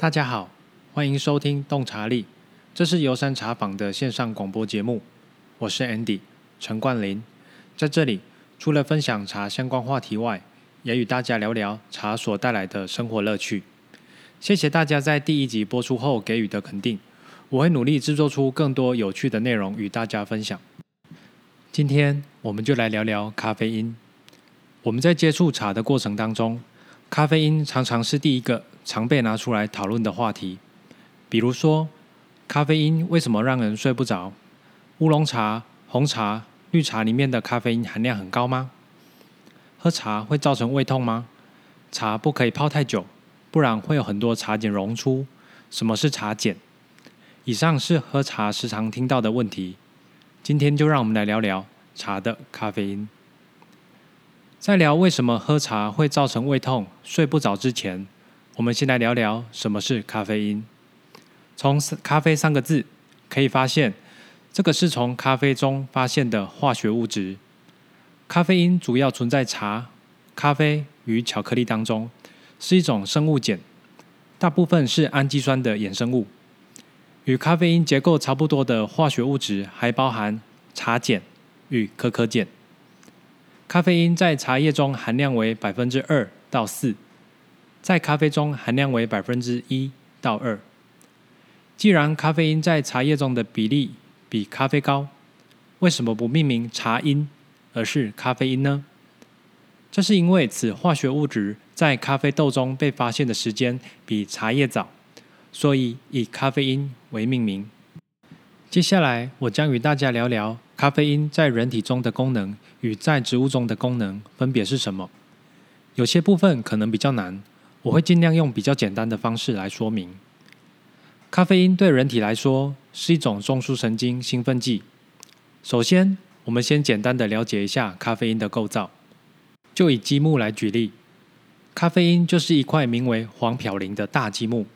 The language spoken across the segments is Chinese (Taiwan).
大家好，歡迎收聽《洞察力》，這是遊山茶坊的線上廣播節目。我是 Andy 陳冠霖，在這裡除了分享茶相關話題外，也與大家聊聊茶所帶來的生活樂趣。謝謝大家在第一集播出後給予的肯定，我會努力製作出更多有趣的內容與大家分享。今天我們就來聊聊咖啡因。我們在接觸茶的過程當中，咖啡因常常是第一個常被拿出來討論的話題，比如說，咖啡因為什麼讓人睡不着？烏龍茶、紅茶、綠茶裡面的咖啡因含量很高嗎？喝茶會造成胃痛嗎？茶不可以泡太久，不然會有很多茶鹼溶出。什麼是茶鹼？以上是喝茶時常聽到的問題。今天就讓我們來聊聊茶的咖啡因。在聊為什麼喝茶會造成胃痛、睡不着之前，我們先來聊聊什麼是咖啡因。從“咖啡”三個字可以發現，這個是從咖啡中發現的化學物質。咖啡因主要存在茶、咖啡與巧克力當中，是一種生物鹼，大部分是氨基酸的衍生物。與咖啡因結構差不多的化學物質還包含茶鹼與可可鹼。咖啡因在茶葉中含量為百分之二到四。在咖啡中含量為百分之一到二。既然咖啡因在茶葉中的比例比咖啡高，為什麼不命名茶因，而是咖啡因呢？這是因為此化學物質在咖啡豆中被發現的時間比茶葉早，所以以咖啡因為命名。接下來，我將與大家聊聊咖啡因在人體中的功能與在植物中的功能分別是什麼。有些部分可能比較難。我會盡量用比較簡單的方式來說明，咖啡因對人體來說是一種中樞神經興奮劑。首先，我們先簡單的了解一下咖啡因的構造。就以積木來舉例，咖啡因就是一塊名為黃嘌呤的大積木，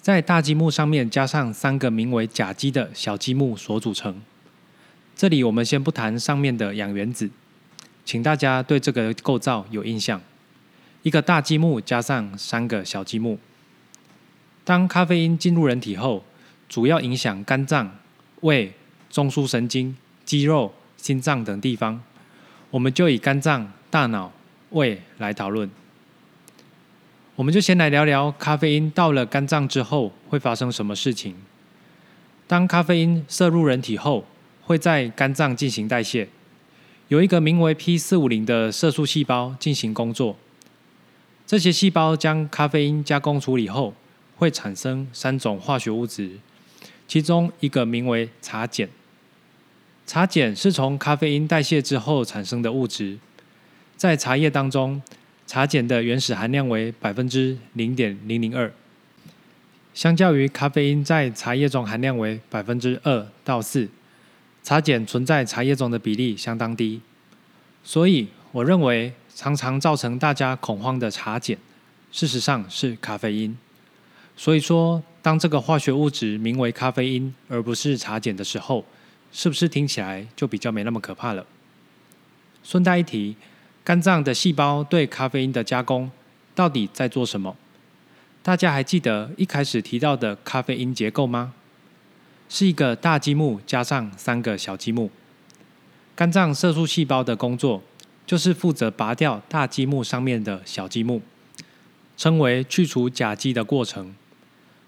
在大積木上面加上三個名為甲基的小積木所組成。這裡我們先不談上面的氧原子，請大家對這個構造有印象。一個大積木加上三個小積木。當咖啡因進入人體後，主要影響肝臟、胃、中樞神經、肌肉、心臟等地方。我們就以肝臟、大腦、胃來討論。我們就先來聊聊咖啡因到了肝臟之後會發生什麼事情。當咖啡因攝入人體後，會在肝臟進行代謝，有一個名為 P 四五零的色素細胞進行工作。這些細胞將咖啡因加工處理後，會產生三種化學物質，其中一個名為茶鹼。茶鹼是從咖啡因代謝之後產生的物質，在茶葉當中，茶鹼的原始含量為百分之零點零零二，相較於咖啡因在茶葉中含量為百分之二到四，茶鹼存在茶葉中的比例相當低，所以我認為。常常造成大家恐慌的茶鹼，事實上是咖啡因。所以說，當這個化學物質名為咖啡因，而不是茶鹼的時候，是不是聽起來就比較沒那麼可怕了？順帶一提，肝臟的細胞對咖啡因的加工到底在做什麼？大家還記得一開始提到的咖啡因結構嗎？是一個大積木加上三個小積木。肝臟色素細胞的工作。就是負責拔掉大積木上面的小積木，稱為去除甲基的過程。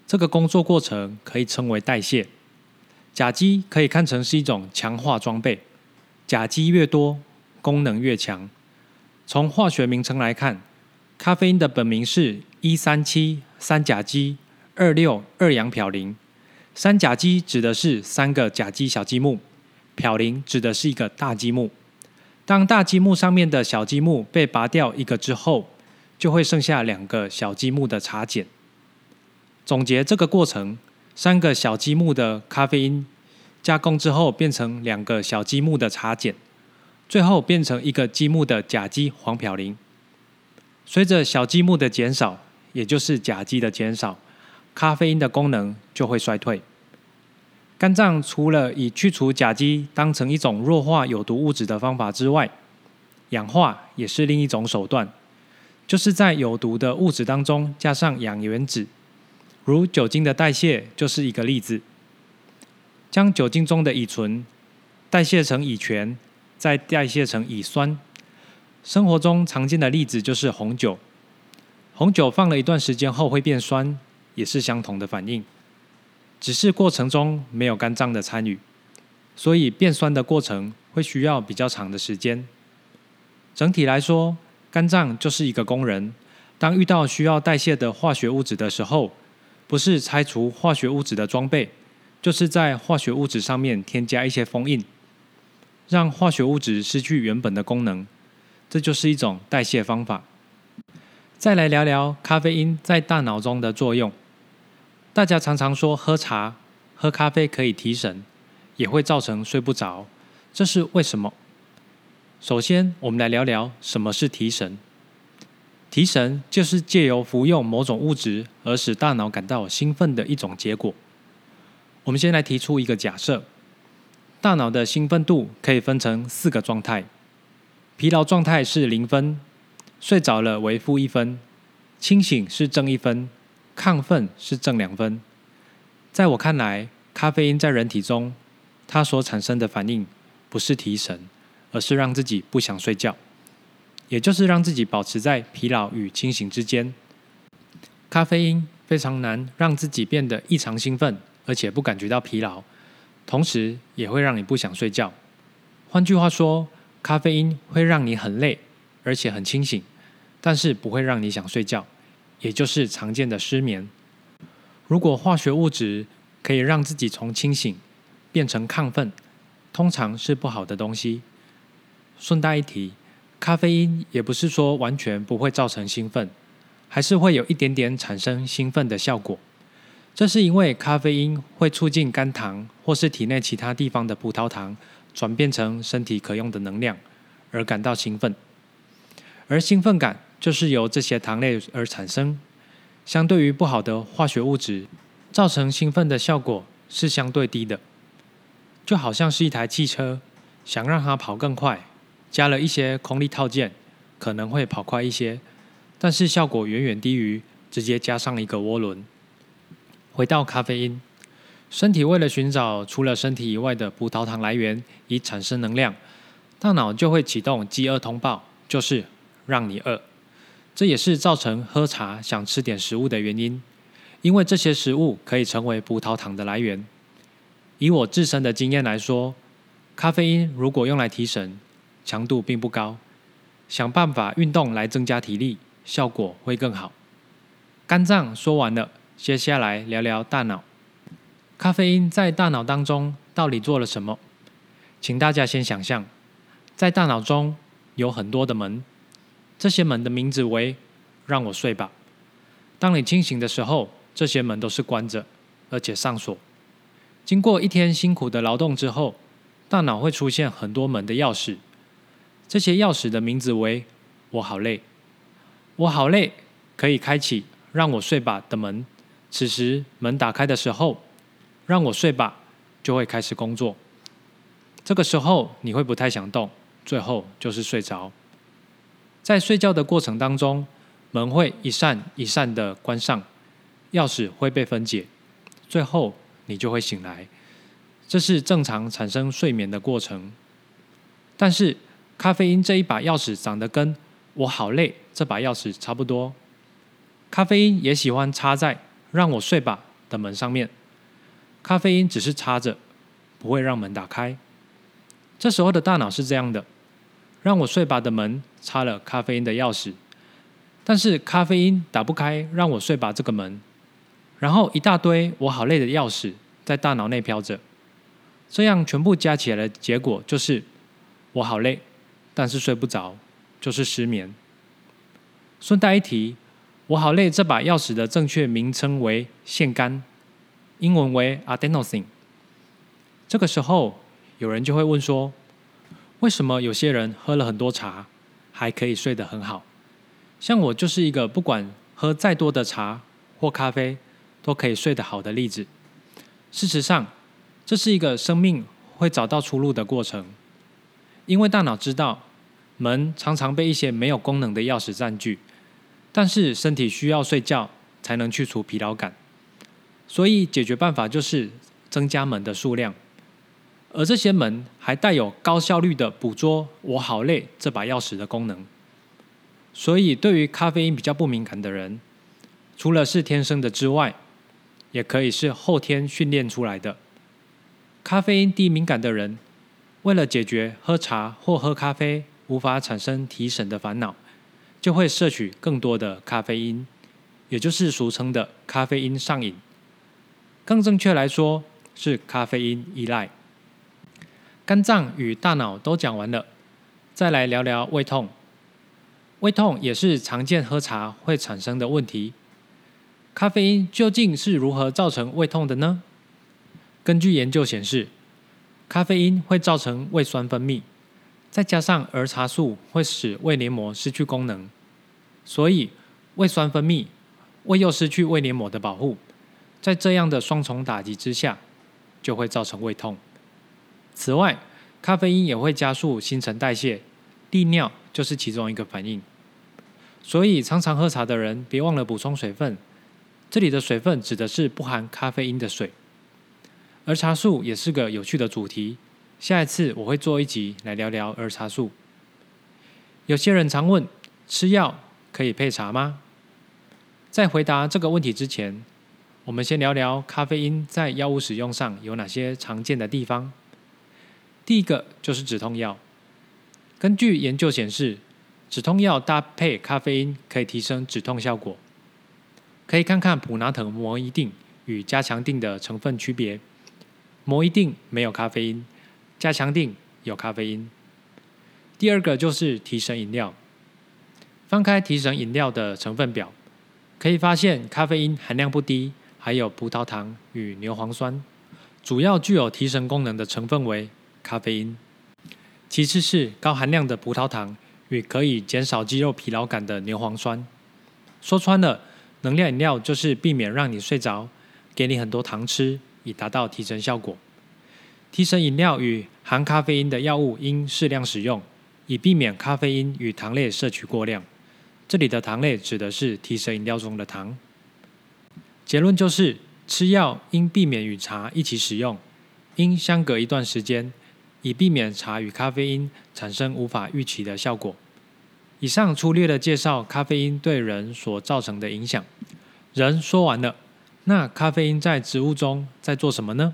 這個工作過程可以稱為代謝。甲基可以看成是一種強化裝備，甲基越多，功能越強。從化學名稱來看，咖啡因的本名是一三七三甲基二六二氧嘌呤。三甲基指的是三個甲基小積木，嘌呤指的是一個大積木。當大積木上面的小積木被拔掉一個之後，就會剩下兩個小積木的茶鹼。總結這個過程：三個小積木的咖啡因加工之後變成兩個小積木的茶鹼，最後變成一個積木的甲基黃嘌呤。隨着小積木的減少，也就是甲基的減少，咖啡因的功能就會衰退。肝臟除了以去除甲基當成一種弱化有毒物質的方法之外，氧化也是另一種手段，就是在有毒的物質當中加上氧原子，如酒精的代謝就是一個例子，將酒精中的乙醇代謝成乙醛，再代謝成乙酸。生活中常見的例子就是紅酒，紅酒放了一段時間後會變酸，也是相同的反應。只是過程中沒有肝臟的參與，所以變酸的過程會需要比較長的時間。整體來說，肝臟就是一個工人，當遇到需要代謝的化學物質的時候，不是拆除化學物質的裝備，就是在化學物質上面添加一些封印，讓化學物質失去原本的功能，這就是一種代謝方法。再來聊聊咖啡因在大腦中的作用。大家常常說喝茶、喝咖啡可以提神，也會造成睡不着，這是為什麼？首先，我們來聊聊什麼是提神。提神就是借由服用某種物質而使大腦感到興奮的一種結果。我們先來提出一個假設：大腦的興奮度可以分成四個狀態，疲勞狀態是零分，睡着了為負一分，清醒是正一分。亢奮是正兩分，在我看來，咖啡因在人體中，它所產生的反應不是提神，而是讓自己不想睡覺，也就是讓自己保持在疲勞與清醒之間。咖啡因非常難讓自己變得異常興奮，而且不感覺到疲勞，同時也會讓你不想睡覺。換句話說，咖啡因會讓你很累，而且很清醒，但是不會讓你想睡覺。也就是常見的失眠。如果化學物質可以讓自己從清醒變成亢奮，通常是不好的東西。順帶一提，咖啡因也不是說完全不會造成興奮，還是會有一點點產生興奮的效果。這是因為咖啡因會促進肝糖或是體內其他地方的葡萄糖轉變成身體可用的能量，而感到興奮。而興奮感。就是由這些糖類而產生。相對於不好的化學物質，造成興奮的效果是相對低的。就好像是一台汽車，想讓它跑更快，加了一些空力套件，可能會跑快一些，但是效果遠遠低於直接加上一個渦輪。回到咖啡因，身體為了尋找除了身體以外的葡萄糖來源以產生能量，大腦就會啟動飢餓通報，就是讓你餓。這也是造成喝茶想吃點食物的原因，因為這些食物可以成為葡萄糖的來源。以我自身的經驗來說，咖啡因如果用來提神，強度並不高，想辦法運動來增加體力，效果會更好。肝臟說完了，接下來聊聊大腦。咖啡因在大腦當中到底做了什麼？請大家先想象，在大腦中有很多的門。這些門的名字為“讓我睡吧”。當你清醒的時候，這些門都是關着，而且上鎖。經過一天辛苦的勞動之後，大腦會出現很多門的鑰匙。這些鑰匙的名字為“我好累”。“我好累”可以開啟“讓我睡吧”的門。此時門打開的時候，“讓我睡吧”就會開始工作。這個時候你會不太想動，最後就是睡着。在睡覺的過程當中，門會一扇一扇的關上，鑰匙會被分解，最後你就會醒來。這是正常產生睡眠的過程。但是咖啡因這一把鑰匙長得跟我“好累”這把鑰匙差不多，咖啡因也喜歡插在“讓我睡吧”的門上面。咖啡因只是插着，不會讓門打開。這時候的大腦是這樣的，“讓我睡吧”的門。插了咖啡因的鑰匙，但是咖啡因打不開，讓我睡吧這個門，然後一大堆我好累的鑰匙在大腦內飄着。這樣全部加起來的結果就是我好累，但是睡不着，就是失眠。順帶一提，我好累這把鑰匙的正確名稱為腺苷，英文為 adenosine。這個時候有人就會問說，為什麼有些人喝了很多茶，還可以睡得很好，像我就是一個不管喝再多的茶或咖啡，都可以睡得好的例子。事實上，這是一個生命會找到出路的過程，因為大腦知道門常常被一些沒有功能的鑰匙佔據，但是身體需要睡覺才能去除疲勞感，所以解決辦法就是增加門的數量。而這些門還帶有高效率的捕捉“我好累”這把鑰匙的功能。所以，對於咖啡因比較不敏感的人，除了是天生的之外，也可以是後天訓練出來的。咖啡因低敏感的人，為了解決喝茶或喝咖啡無法產生提神的煩惱，就會攝取更多的咖啡因，也就是俗稱的咖啡因上癮。更正確來說，是咖啡因依賴。肝臟與大腦都講完了，再來聊聊胃痛。胃痛也是常見喝茶會產生的問題。咖啡因究竟是如何造成胃痛的呢？根據研究顯示，咖啡因會造成胃酸分泌，再加上兒茶素會使胃黏膜失去功能，所以胃酸分泌，胃又失去胃黏膜的保護，在這樣的雙重打擊之下，就會造成胃痛。此外，咖啡因也會加速新陳代謝，利尿就是其中一個反應。所以，常常喝茶的人別忘了補充水分。這裡的水分指的是不含咖啡因的水。兒茶素也是個有趣的主題，下一次我會做一集來聊聊兒茶素。有些人常問：吃藥可以配茶嗎？在回答這個問題之前，我們先聊聊咖啡因在藥物使用上有哪些常見的地方。第一個就是止痛藥。根據研究顯示，止痛藥搭配咖啡因可以提升止痛效果。可以看看普拿疼、膜衣錠與加強錠的成分區別。膜衣錠沒有咖啡因，加強錠有咖啡因。第二個就是提神飲料。翻開提神飲料的成分表，可以發現咖啡因含量不低，還有葡萄糖與牛磺酸。主要具有提神功能的成分為，咖啡因，其次是高含量的葡萄糖與可以減少肌肉疲勞感的牛磺酸。說穿了，能量飲料就是避免讓你睡着，給你很多糖吃，以達到提神效果。提神飲料與含咖啡因的藥物應適量使用，以避免咖啡因與糖類攝取過量。這裡的糖類指的是提神飲料中的糖。結論就是，吃藥應避免與茶一起使用，應相隔一段時間。以避免茶與咖啡因產生無法預期的效果。以上粗略，的介紹咖啡因對人所造成的影響。人說完了，那咖啡因在植物中在做什麼呢？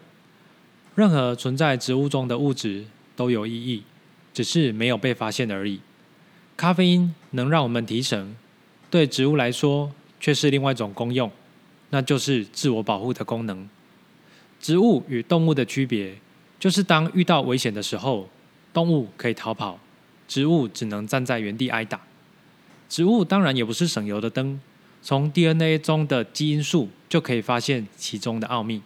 任何存在植物中的物質都有意義，只是沒有被發現而已。咖啡因能讓我們提神，對植物來說卻是另外一種功用，那就是自我保護的功能。植物與動物的區別，就是當遇到危險的時候，動物可以逃跑，植物只能站在原地挨打。植物當然也不是省油的燈，從 DNA 中的基因數就可以發現其中的奧秘。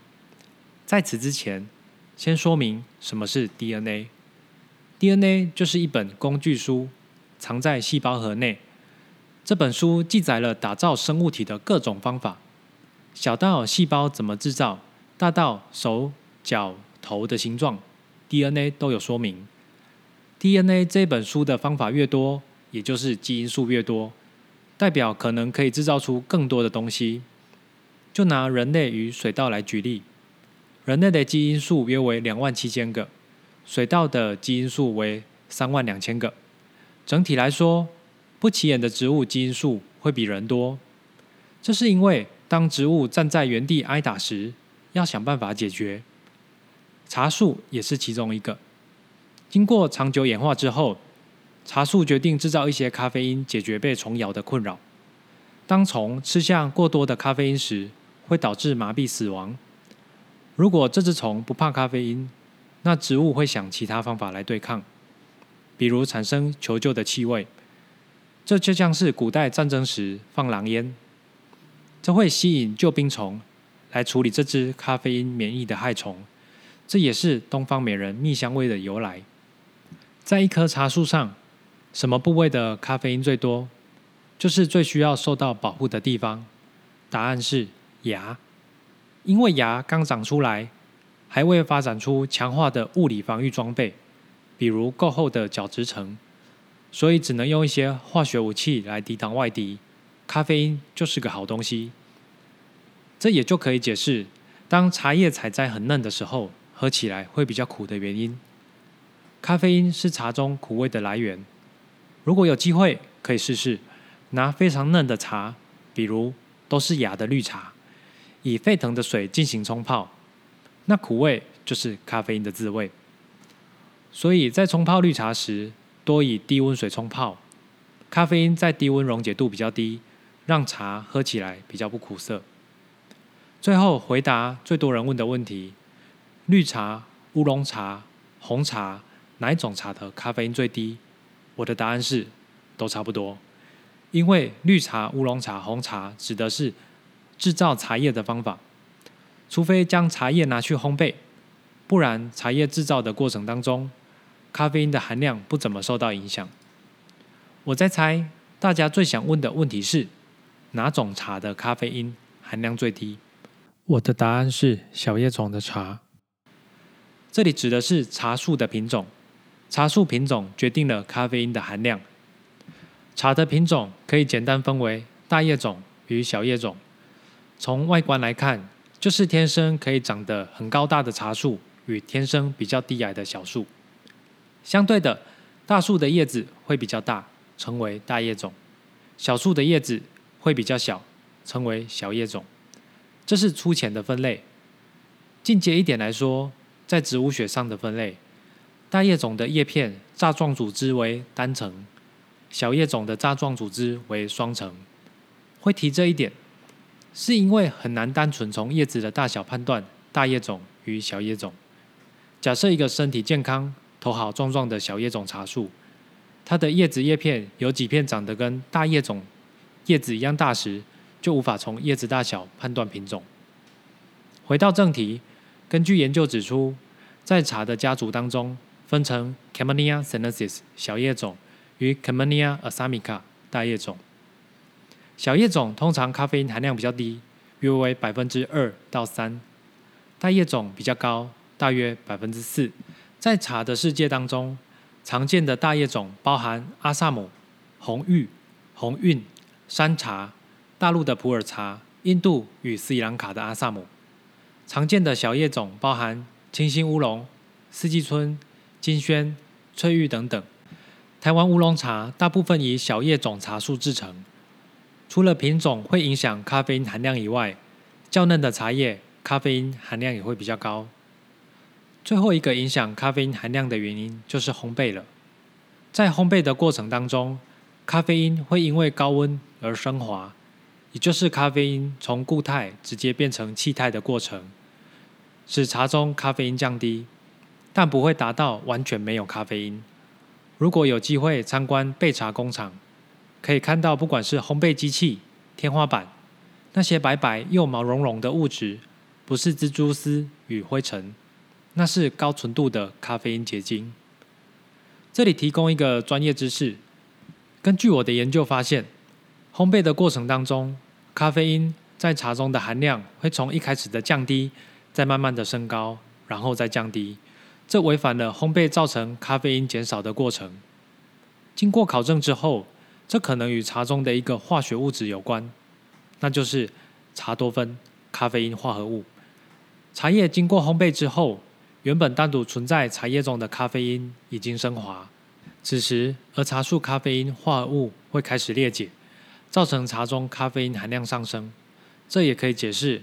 在此之前，先說明什麼是 DNA。DNA 就是一本工具書，藏在細胞核內。這本書記載了打造生物體的各種方法，小到細胞怎麼製造，大到手腳。頭的形狀，DNA 都有說明。DNA 這本書的方法越多，也就是基因數越多，代表可能可以制造出更多的東西。就拿人類與水稻來舉例，人類的基因數約為兩萬七千個，水稻的基因數為三萬兩千個。整體來說，不起眼的植物基因數會比人多。這是因為當植物站在原地挨打時，要想辦法解決。茶樹也是其中一個。經過長久演化之後，茶樹決定制造一些咖啡因，解決被蟲咬的困擾。當蟲吃下過多的咖啡因時，會導致麻痹死亡。如果這只蟲不怕咖啡因，那植物會想其他方法來對抗，比如產生求救的氣味。這就像是古代戰爭時放狼煙，這會吸引救兵蟲來處理這只咖啡因免疫的害蟲。這也是東方美人蜜香味的由來。在一棵茶樹上，什麼部位的咖啡因最多？就是最需要受到保護的地方。答案是芽，因為芽剛長出來，還未發展出強化的物理防禦裝備，比如夠厚的角質層，所以只能用一些化學武器來抵擋外敵。咖啡因就是個好東西。這也就可以解釋，當茶葉採摘很嫩的時候，喝起來會比較苦的原因，咖啡因是茶中苦味的來源。如果有機會可以試試，拿非常嫩的茶，比如都是芽的綠茶，以沸騰的水進行沖泡，那苦味就是咖啡因的滋味。所以在沖泡綠茶時，多以低溫水沖泡，咖啡因在低溫溶解度比較低，讓茶喝起來比較不苦澀。最後回答最多人問的問題。綠茶、烏龍茶、紅茶，哪一種茶的咖啡因最低？我的答案是都差不多，因為綠茶、烏龍茶、紅茶指的是製造茶葉的方法，除非將茶葉拿去烘焙，不然茶葉製造的過程當中，咖啡因的含量不怎麼受到影響。我在猜大家最想問的問題是哪種茶的咖啡因含量最低？我的答案是小葉種的茶。這裡指的是茶樹的品種，茶樹品種決定了咖啡因的含量。茶的品種可以簡單分為大葉種與小葉種。從外觀來看，就是天生可以長得很高大的茶樹與天生比較低矮的小樹。相對的，大樹的葉子會比較大，稱為大葉種；小樹的葉子會比較小，稱為小葉種。這是粗淺的分類。進階一點來說，在植物學上的分類，大葉種的葉片柵狀組織為單層，小葉種的柵狀組織為雙層。會提這一點，是因為很難單純從葉子的大小判斷大葉種與小葉種。假設一個身體健康、頭好壯壯的小葉種茶樹，它的葉子葉片有幾片長得跟大葉種葉子一樣大時，就無法從葉子大小判斷品種。回到正題。根據研究指出，在茶的家族當中，分成 Camellia sinensis 小葉種與 Camellia assamica 大葉種。小葉種通常咖啡因含量比較低，約為百分之二到三；大葉種比較高，大約百分之四。在茶的世界當中，常見的大葉種包含阿薩姆、紅玉、紅韻、山茶、大陸的普洱茶、印度與斯里蘭卡的阿薩姆。常見的小葉種包含青心烏龍、四季春、金萱、翠玉等等。台灣烏龍茶大部分以小葉種茶樹製成。除了品種會影響咖啡因含量以外，較嫩的茶葉咖啡因含量也會比較高。最後一個影響咖啡因含量的原因就是烘焙了。在烘焙的過程當中，咖啡因會因為高溫而昇華。也就是咖啡因從固態直接變成氣態的過程，使茶中咖啡因降低，但不會達到完全沒有咖啡因。如果有機會參觀焙茶工廠，可以看到不管是烘焙機器、天花板，那些白白又毛茸茸的物質，不是蜘蛛絲與灰塵，那是高純度的咖啡因結晶。這裡提供一個專業知識，根據我的研究發現，烘焙的過程當中，咖啡因在茶中的含量會從一開始的降低，再慢慢的升高，然後再降低。這違反了烘焙造成咖啡因減少的過程。經過考證之後，這可能與茶中的一個化學物質有關，那就是茶多酚咖啡因化合物。茶葉經過烘焙之後，原本單獨存在茶葉中的咖啡因已經昇華，此時而茶樹咖啡因化合物會開始裂解。造成茶中咖啡因含量上升，這也可以解釋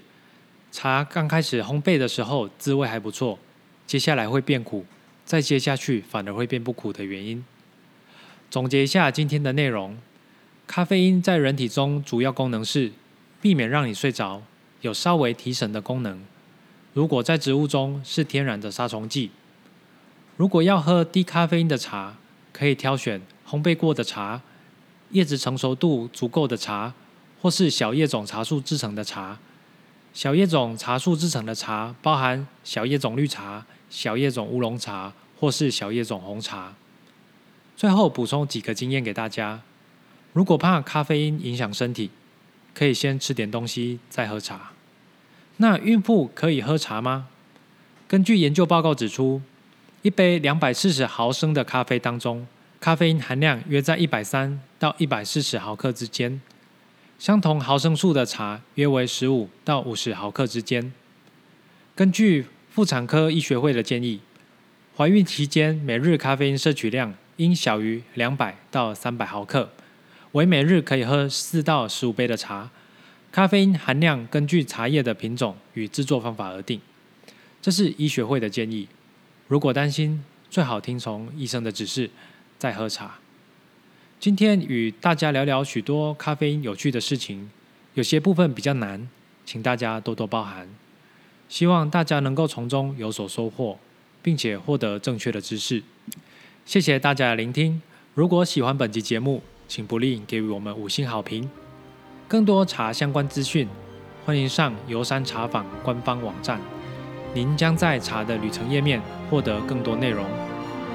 茶剛開始烘焙的時候滋味還不錯，接下來會變苦，再接下去反而會變不苦的原因。總結一下今天的內容：咖啡因在人體中主要功能是避免讓你睡着，有稍微提神的功能。如果在植物中是天然的殺蟲劑。如果要喝低咖啡因的茶，可以挑選烘焙過的茶。葉子成熟度足夠的茶，或是小葉種茶樹製成的茶。小葉種茶樹製成的茶包含小葉種綠茶、小葉種烏龍茶或是小葉種紅茶。最後補充幾個經驗給大家：如果怕咖啡因影響身體，可以先吃點東西再喝茶。那孕婦可以喝茶嗎？根據研究報告指出，一杯兩百四十毫升的咖啡當中，咖啡因含量約在一百三到一百四十毫克之間，相同毫升數的茶約為十五到五十毫克之間。根據婦產科醫學會的建議，懷孕期間每日咖啡因攝取量應小於兩百到三百毫克，為每日可以喝四到十五杯的茶。咖啡因含量根據茶葉的品種與制作方法而定。這是醫學會的建議。如果擔心，最好聽從醫生的指示。在喝茶。今天與大家聊聊許多咖啡因有趣的事情，有些部分比較難，請大家多多包涵。希望大家能夠從中有所收穫，並且獲得正確的知識。謝謝大家的聆聽。如果喜歡本集節目，請不吝給予我們五星好評。更多茶相關資訊，歡迎上游山茶坊官方網站，您將在茶的旅程頁面獲得更多內容。